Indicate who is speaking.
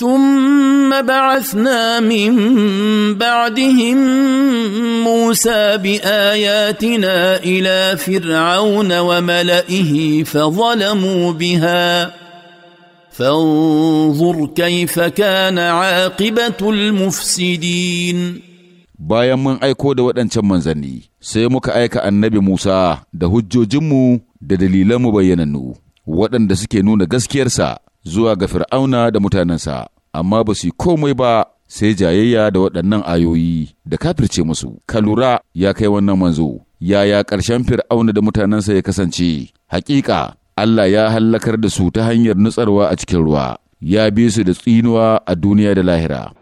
Speaker 1: ثم بعثنا من بعدهم موسى باياتنا الى فرعون وملئه فظلموا بها فانظر كيف كان عاقبه المفسدين bayan mun
Speaker 2: aiko da waɗancan manzanni sai muka aika annabi Musa da hujjojinmu da dalilanmu bayyanannu waɗanda suke nuna gaskiyarsa zuwa ga fir'auna da mutanensa amma ba su yi komai ba sai jayayya da waɗannan ayoyi da kafirce musu ka lura ya kai wannan manzo yaya ƙarshen fir'auna da mutanensa ya kasance Haƙiƙa! Allah ya hallakar da su ta hanyar nutsarwa a cikin ruwa ya bi su da
Speaker 3: tsinuwa a duniya da lahira